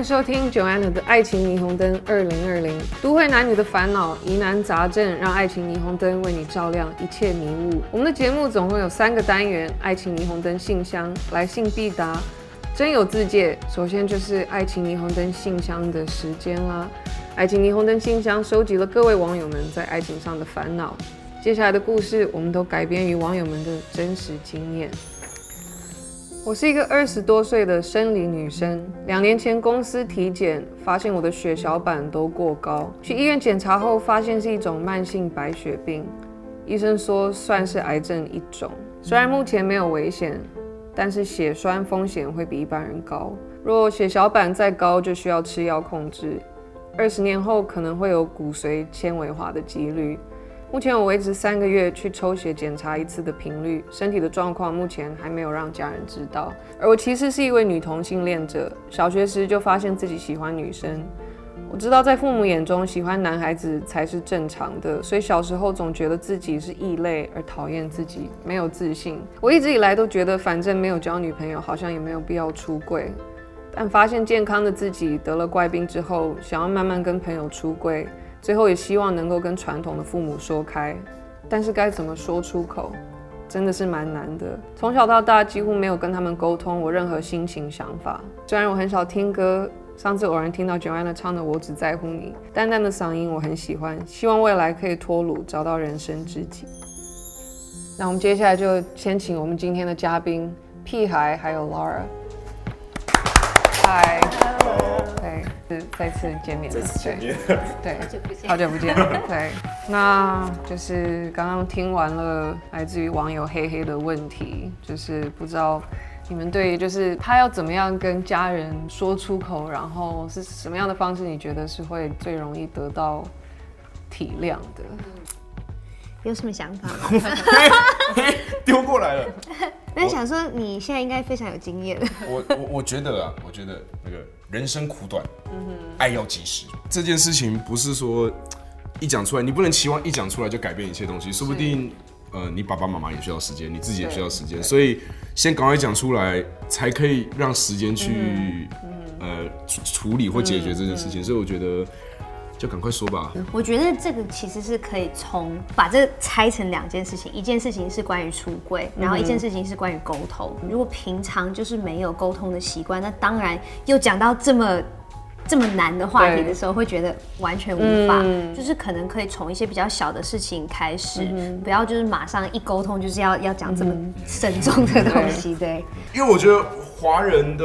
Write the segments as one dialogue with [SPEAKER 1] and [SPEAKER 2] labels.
[SPEAKER 1] 歡迎收聽 Joanna 的《愛情青紅燈》二零二零，都會男女的煩惱疑難雜症，讓愛情青紅燈為你照亮一切迷霧。我們的節目總共有三個單元：愛情青紅燈信箱、來信必答、真有自介。首先就是愛情青紅燈信箱的時間啦。愛情青紅燈信箱收集了各位網友們在愛情上的煩惱，接下來的故事我們都改編於網友們的真實經驗。我是一個二十多歲的生理女生，兩年前公司體檢發現我的血小板都過高，去醫院檢查後發現是一種慢性白血病，醫生說算是癌症一種。雖然目前沒有危險，但是血栓風險會比一般人高。若血小板再高，就需要吃藥控制。二十年後可能會有骨髓纖維化的幾率。目前我維持三個月去抽血檢查一次的頻率，身體的狀況目前還沒有讓家人知道。而我其實是一位女同性戀者，小學時就發現自己喜歡女生。我知道在父母眼中喜歡男孩子才是正常的，所以小時候總覺得自己是異類而討厭自己，沒有自信。我一直以來都覺得反正沒有交女朋友，好像也沒有必要出櫃。但發現健康的自己得了怪病之後，想要慢慢跟朋友出櫃。最後也希望能夠跟傳統的父母說開，但是該怎麼說出口，真的是蠻難的。從小到大幾乎沒有跟他們溝通我任何心情想法，雖然我很少聽歌，上次偶然聽到 Joanna 唱的《我只在乎你》，淡淡的嗓音我很喜歡，希望未來可以脫魯找到人生知己。那我們接下來就先請我們今天的嘉賓屁孩還有 LARA。嗨，Hi. Hello. 對，是再次見面了，了對， 對，好久不見，對，那就是剛剛聽完了來自於網友嘿嘿的問題，就是不知道你們對於就是他要怎麼樣跟家人說出口，然後是什麼樣的方式，你覺得是會最容易得到體諒的，
[SPEAKER 2] 有什麼想法嗎？ okay. 想說你現在應該非常有經
[SPEAKER 3] 驗。我我我覺得啊，我覺得那個人生苦短，嗯、哼愛要及時。這件事情不是說一講出來，你不能期望一講出來就改變一切東西。是說不定呃，你爸爸媽媽也需要時間，你自己也需要時間。所以先趕快講出來，才可以讓時間去、嗯呃、處理或解決這件事情。嗯、所以我覺得。就趕快說吧。
[SPEAKER 2] 我覺得這個其實是可以從把這拆成兩件事情，一件事情是關於出櫃，然後一件事情是關於溝通。嗯、哼如果平常就是沒有溝通的習慣，那當然又講到這麼這麼難的話題的時候，對會覺得完全無法。嗯、就是可能可以從一些比較小的事情開始，嗯、哼不要就是馬上一溝通就是要要講這麼慎重的東西、嗯、對。
[SPEAKER 3] 對因為我覺得華人的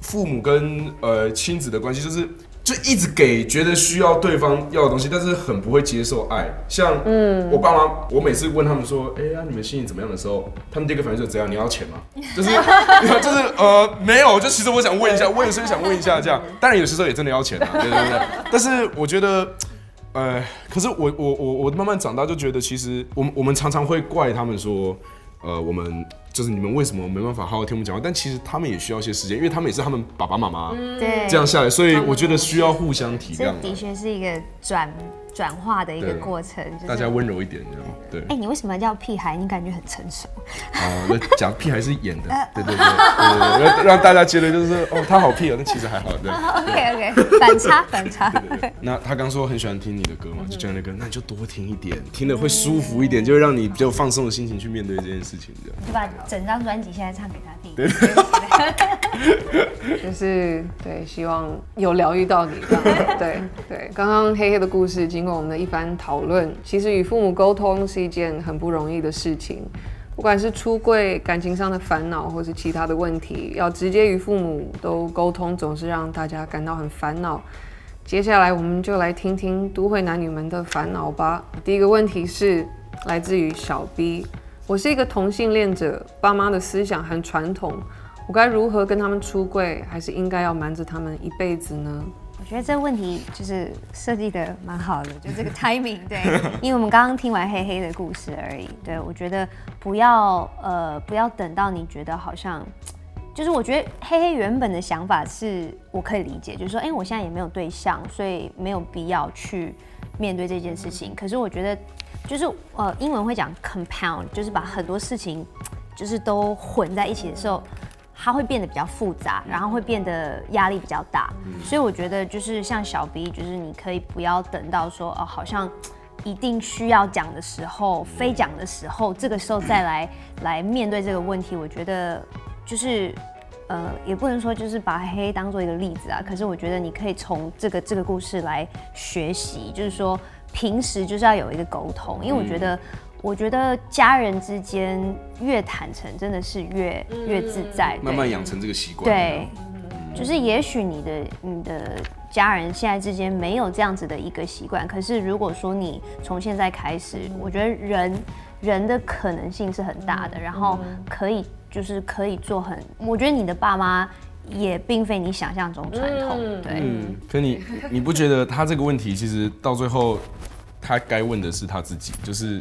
[SPEAKER 3] 父母跟呃親子的關係就是。就一直給，覺得需要對方要的東西，但是很不會接受愛。像，嗯，我爸媽，我每次問他們說，哎呀、嗯欸，你們心情怎麼樣的時候，他們第一個反應是怎樣：你要錢嗎？就是， 就是，呃，沒有。就其實我想問一下，我有時候也想問一下這樣。當然，有時候也真的要錢啊，對對對。 但是我覺得，呃，可是我我我我慢慢長大就覺得，其實我們我們常常會怪他們說，呃，我們。就是你們為什麼沒辦法好好聽我們講話？但其實他們也需要一些時間，因為他們也是他們爸爸媽媽。嗯、對，這樣下來，所以我覺得需要互相體諒。的
[SPEAKER 2] 確是一個轉轉化的一個過程，對就是、大家
[SPEAKER 3] 溫柔一點這樣。對。哎、欸，
[SPEAKER 2] 你為什麼叫屁孩？你感覺很成熟。
[SPEAKER 3] 呃、那講屁孩是演的。 對對對，要讓大家覺得就是哦、喔，他好屁啊、喔，那其實還好。對。啊、OK OK，反差反差。對
[SPEAKER 2] 對對，
[SPEAKER 3] 那他剛說很喜歡聽你的歌嘛，就這樣的、那、歌、個，那你就多聽一點，聽得會舒服一點，就會讓你比較放鬆的心情去面對這件事情，這樣。
[SPEAKER 2] 對吧？整
[SPEAKER 1] 張專輯現在唱給他聽，對 就是對，希望有療癒到你這樣。對對，剛剛黑黑的故事經過我們的一番討論，其實與父母溝通是一件很不容易的事情，不管是出櫃、感情上的煩惱，或是其他的問題，要直接與父母都溝通，總是讓大家感到很煩惱。接下來我們就來聽聽都會男女們的煩惱吧。第一個問題是來自於小 B。我是一個同性戀者，爸媽的思想很傳統，我該如何跟他們出櫃？還是應該要瞞着他們一輩子呢？我覺得這個問題就是
[SPEAKER 2] 設計得蠻好的，就這個 timing，對， 因為我們剛剛聽完黑黑的故事而已。對，我覺得不要呃不要等到你覺得好像，就是我覺得黑黑原本的想法是我可以理解，就是說，哎、欸，我現在也沒有對象，所以沒有必要去面對這件事情。嗯、可是我覺得。就是呃，英文會講 compound，就是把很多事情，就是都混在一起的時候，mm hmm. 它會變得比較複雜，然後會變得壓力比較大。Mm hmm. 所以我覺得就是像小 B，就是你可以不要等到說哦、呃，好像一定需要講的時候、mm hmm. 非講的時候，這個時候再來來面對這個問題。我覺得就是呃，也不能說就是把黑當做一個例子啊，可是我覺得你可以從這個這個故事來學習，就是說。平時就是要有一個溝通，因為我覺得，嗯、我覺得家人之間越坦誠，真的是越越自在。慢慢養成這個習慣，對，對嗯、就是也許你的你的家人現在之間沒有這樣子的一個習慣，可是如果說你從現在開始，嗯、我覺得人人的可能性是很大的，然後可以就是可以做很，我覺得你的爸媽也並非你想象中傳統，嗯、對。嗯、
[SPEAKER 3] 可你你不覺得他這個問題其實到最後？他該問的是他自己，就是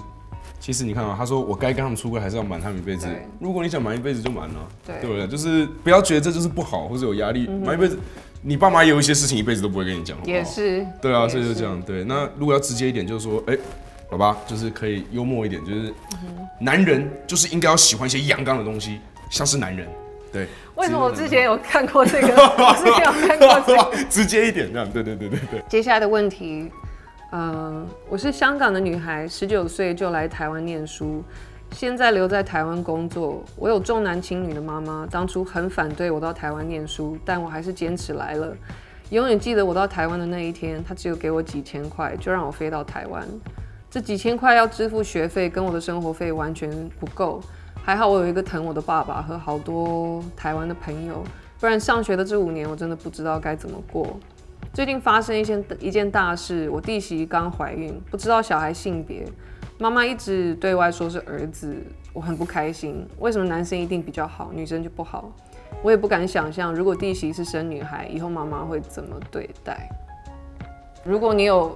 [SPEAKER 3] 其實你看啊，他說我該跟他們出櫃，還是要瞞他們一輩子？對如果你想瞞一輩子就瞞、啊、對了，對不對？就是不要覺得這就是不好，或者有壓力瞞、嗯、哼一輩子。你爸媽有一些事情一輩子都不會跟你講，也是。對啊，是所以就這樣。對，那如果要直接一點，就是說，哎、欸，老爸就是可以幽默一點，就是男人就是應該要喜歡一些陽剛的東西，像是男人。對。為
[SPEAKER 2] 什
[SPEAKER 1] 麼我之前有看過這個？之前 有看過這個。 直接一點這樣，對對對對對，對。接下來的問題。嗯、呃，我是香港的女孩，十九歲就來台灣念書，現在留在台灣工作。我有重男輕女的媽媽，當初很反對我到台灣念書，但我還是堅持來了。永遠記得我到台灣的那一天，她只有給我幾千塊，就讓我飛到台灣。這幾千塊要支付學費跟我的生活費完全不夠，還好我有一個疼我的爸爸和好多台灣的朋友，不然上學的這五年我真的不知道該怎麼過。最近發生一件，一件大事，我弟媳剛懷孕，不知道小孩性別。媽媽一直對外說是兒子，我很不開心。為什麼男生一定比較好，女生就不好？我也不敢想象，如果弟媳是生女孩，以後媽媽會怎麼對待？如果你有，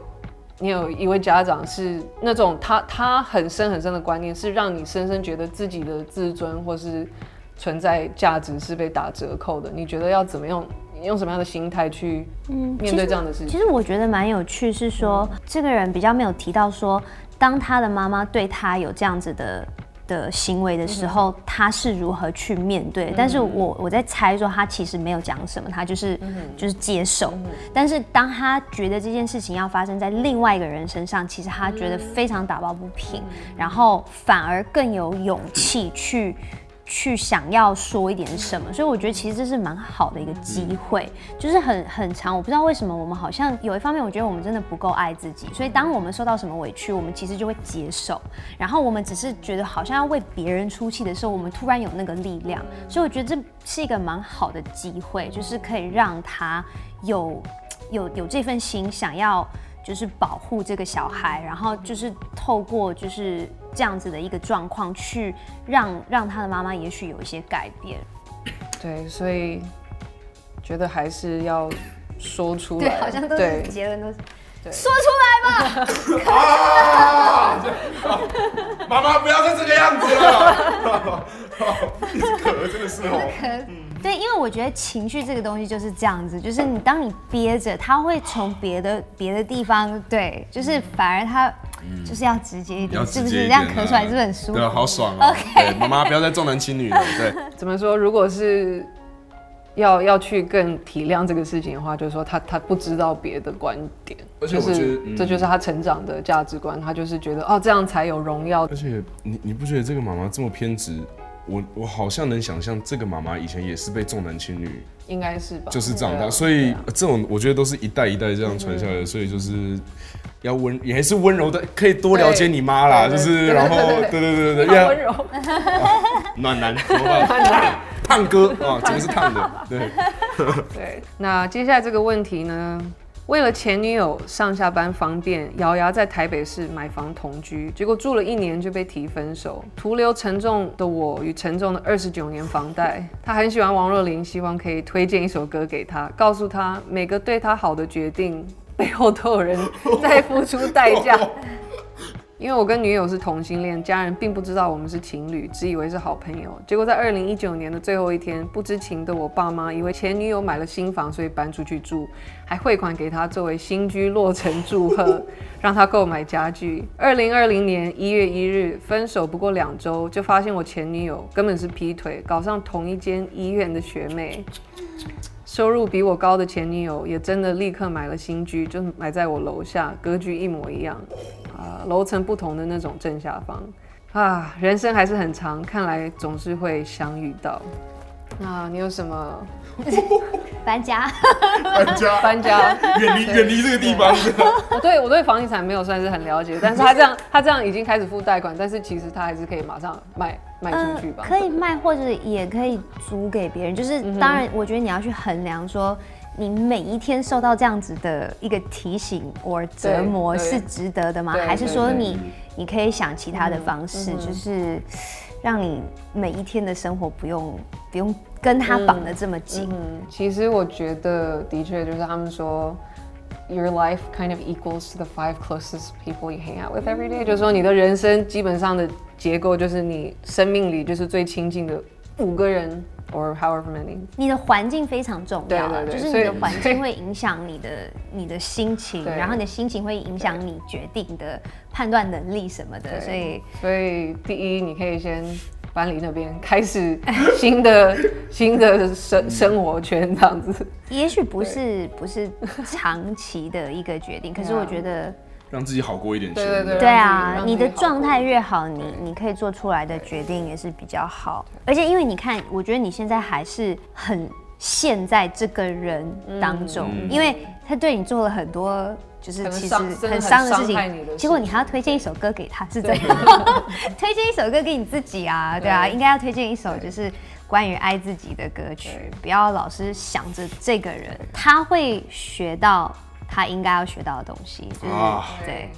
[SPEAKER 1] 你有一位家長是那種他，他很深很深的觀念，是讓你深深覺得自己的自尊或是存在價值是被打折扣的，你覺得要怎麼樣？你用什麼樣的心態去面對
[SPEAKER 2] 這樣的事情？嗯、其實、其實我覺得蠻有趣，是說、嗯、這個人比較沒有提到說，當他的媽媽對他有這樣子的的行為的時候，嗯、哼他是如何去面對？嗯、哼但是我我在猜說，他其實沒有講什麼，他就是、嗯、哼就是接受。嗯、哼但是當他覺得這件事情要發生在另外一個人身上，其實他覺得非常打抱不平，嗯、哼然後反而更有勇氣去。去想要說一點什麼，所以我覺得其實這是蠻好的一個機會，就是很很常。我不知道為什麼我們好像有一方面，我覺得我們真的不夠愛自己，所以當我們受到什麼委屈，我們其實就會接受，然後我們只是覺得好像要為別人出氣的時候，我們突然有那個力量。所以我覺得這是一個蠻好的機會，就是可以讓他有有有這份心，想要就是保護這個小孩，然後就是透過就是。這樣子的一個狀況，去讓讓他的媽媽也許有一些改變。
[SPEAKER 1] 對，所以覺得還是要說出來。對，好像都是結
[SPEAKER 2] 論都是說出來吧。媽媽 啊、媽媽不
[SPEAKER 3] 要再這個樣子了。真的是
[SPEAKER 2] 哦。嗯對，因為我覺得情緒這個東西就是這樣子，就是你當你憋着，他會從別的別的地方，對，就是反而他、嗯、就是要直接一點，直接一點是不是這樣咳出來、啊、是不
[SPEAKER 1] 是很舒服，對，好爽啊、喔。
[SPEAKER 3] OK，媽媽不要再重男輕女了。對，
[SPEAKER 1] 怎麼說？如果是要要去更體諒這個事情的話，就是說他他不知道別的觀點，而且我覺得就是這就是他成長的價值觀，嗯、他就是覺得哦這樣才有榮耀。而且
[SPEAKER 3] 你你不覺得這個媽媽這麼偏執？我我好像能想象，這個媽媽以前也是被重男輕女，
[SPEAKER 1] 應該是吧？
[SPEAKER 3] 就是長大，所以這種我覺得都是一代一代這樣傳下來的，所以就是要溫，也還是溫柔的，可以多了解你媽啦，就是然後對對對對，要溫
[SPEAKER 2] 柔。
[SPEAKER 3] 暖男怎麼辦？燙哥啊，這個是燙
[SPEAKER 2] 的，對對。
[SPEAKER 1] 那接下來這個問題呢？為了前女友上下班方便，咬牙在台北市買房同居，結果住了一年就被提分手，徒留沉重的我與沉重的二十九年房貸。他很喜歡王若琳，希望可以推薦一首歌給他，告訴他每個對他好的決定背後都有人在付出代價。 因為我跟女友是同性戀，家人並不知道我們是情侶，只以為是好朋友。結果在二零一九年的最後一天，不知情的我爸媽以為前女友買了新房，所以搬出去住，還匯款給她作為新居落成祝賀，讓她購買家具。二零二零年一月一日，分手不過兩周，就發現我前女友根本是劈腿，搞上同一間醫院的學妹。收入比我高的前女友也真的立刻買了新居，就買在我樓下，格局一模一樣。樓層、呃、不同的那種正下方，啊，人生還是很長，看來總是會相遇到。那你有什麼？搬 家，搬家，搬家，遠離遠離這個地方。我對我對房地產沒有算是很了解，但是他這樣他這樣已經開始付貸款，但是其實他還是可以馬上賣賣出去吧？呃、可以
[SPEAKER 2] 賣，或者也可以租給別人，就是當然，我覺得你要去衡量說。嗯你每一天受到這樣子的一個提醒或折磨是值得的嗎？還是說你、嗯、你可以想其他的方式，嗯、就
[SPEAKER 1] 是讓你每一天的生活不用不用跟他綁得這麼緊、嗯嗯？其實我覺得的確就是他們說，your life kind of equals the five closest people you hang out with every day，就是說你的人生基本上的結構就是你生命裡就是最親近的五個人。or however many，
[SPEAKER 2] 你的環境非常重要，就是你的環境會影響你的你的心情，然後你的心情會影響你決定的判斷能力什麼的，所以
[SPEAKER 1] 所以第一，你可以先搬離那邊，開始新的新的生生活圈，這樣子。
[SPEAKER 2] 也許不是不是長期的一個決定，可是我覺得。
[SPEAKER 3] 讓自己好過一點，對
[SPEAKER 2] 對對，樣對啊，你的狀態越好你，你對你可以做出來的決定也是比較好。而且因為你看，我覺得你現在還是很陷在這個人當中，對對對，因為他對你做了很多，就是其實很傷的事情。結果你還要推薦一首歌給他，是這樣？ 推薦一首歌給你自己啊，對啊，對應該要推薦一首就是關於愛自己的歌曲，不要老是想着這個人，他會學到。他應該要學到的東西，就是、oh, 對，對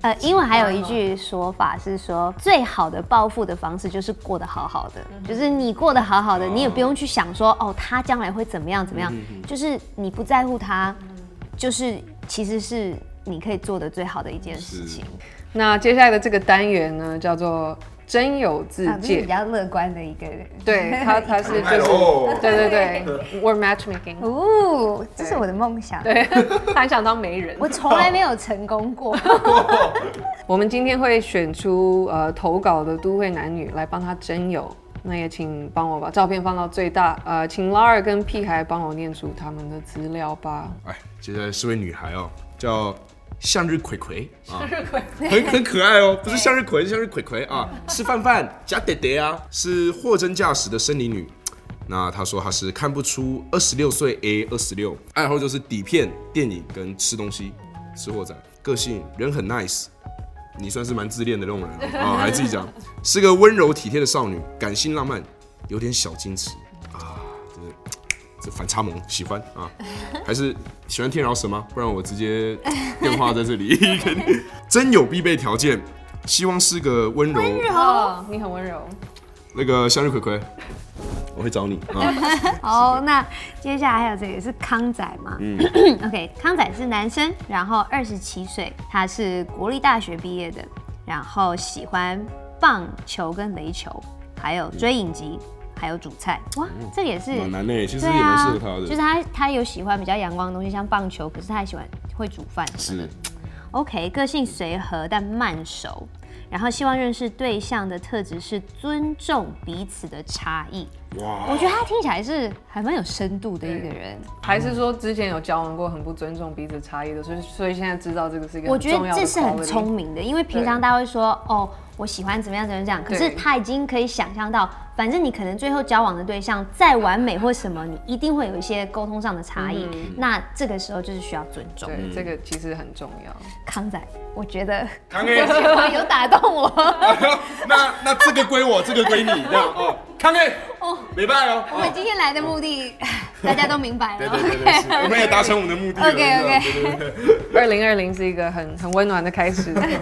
[SPEAKER 2] 呃，因為還有一句說法是說，最好的報復的方式就是過得好好的，mm hmm. 就是你過得好好的，oh. 你也不用去想說，哦，他將來會怎麼樣怎麼樣，mm hmm. 就是你不在乎他，mm hmm. 就是其實是
[SPEAKER 1] 你可以做的最好的一件事情。那接下來的這個單元呢，叫做。真有，自己、啊、比較樂觀的一個人。對他，他是就是對對對，We're matchmaking。 match 哦，
[SPEAKER 2] 對這是我的夢想。對，還想當媒人。 我從來沒有成功過。
[SPEAKER 1] 我們今天會選出呃投稿的都會男女來幫他徵友，那也請幫我把照片放到最大。呃，請 LARA 跟屁孩幫我念出他們的資料吧。
[SPEAKER 3] 哎，接下來是位女孩哦，叫。向日葵葵啊，向日葵葵很很可愛哦，不是向日葵，對向日葵葵啊，是范范加爹爹啊，是貨真價實的生理女。那她說她是看不出二十六歲，A 二十六，愛好就是底片、電影跟吃東西，吃貨仔，個性人很 nice，你算是蠻自戀的那種人，哦，啊，還自己講，是個溫柔體貼的少女，感性浪漫，有點小矜持。反差萌，喜歡啊？還是喜歡天饒什麼，不然我直接電話在這裡。 真有必備條件，希望是個溫柔。溫
[SPEAKER 1] 柔、哦，你很溫柔。
[SPEAKER 3] 那個向日葵葵，我會找你。啊、
[SPEAKER 2] 好，那接下來還有這個是康仔嗎？嗯咳咳，OK，康仔是男生，然後二十七歲，他是國立大學畢業的，然後喜歡棒球跟壘球，還有追影集。嗯還有主菜，哇，這也是很難，其實也就是他他有喜歡比較陽光的東西，像棒球，可是他還喜歡會煮飯。是，OK，個性隨和但慢熟，然後希望認識對象的特質是尊重彼此的差異。哇，我覺得他聽起來是還蠻有深度的一個人。還是說
[SPEAKER 1] 之前有交往過很不尊重彼此的差異的，所以所以現在知道這個是一個。我覺得這是很聰明的，
[SPEAKER 2] 因為平常大家會說對哦。我喜歡怎麼樣怎麼樣？可是他已經可以想象到，反正你可能最後交往的對象再完美或什麼，你一定會有一些溝通上的差異。嗯、那這個時候就是需要尊重。對，這個其實很重要。嗯、康仔，我覺得康仔有打動我。 啊、
[SPEAKER 1] 那,
[SPEAKER 3] 那這個歸我，這個歸你，哦康仔，oh, 哦，沒辦法，我們
[SPEAKER 2] 今天來的目的，大家都明白了。啊對對對對。我們也達成我們的目的了
[SPEAKER 1] OK OK OK。二零二零是一個很很溫暖的開始， 對，對，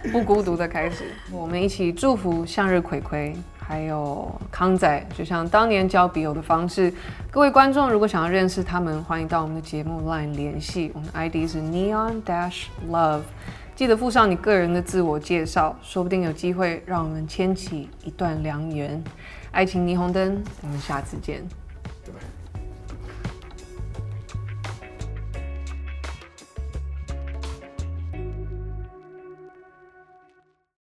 [SPEAKER 1] 對，不孤獨的開始。 我們一起祝福向日葵葵，還有康仔，就像當年交筆友的方式。各位觀眾如果想要認識他們，歡迎到我們的節目 LINE 聯繫，我們的 ID 是 Neon Dash Love，記得附上你個人的自我介紹，說不定有機會讓我們牽起一段良緣。愛情青紅燈，我們下次見。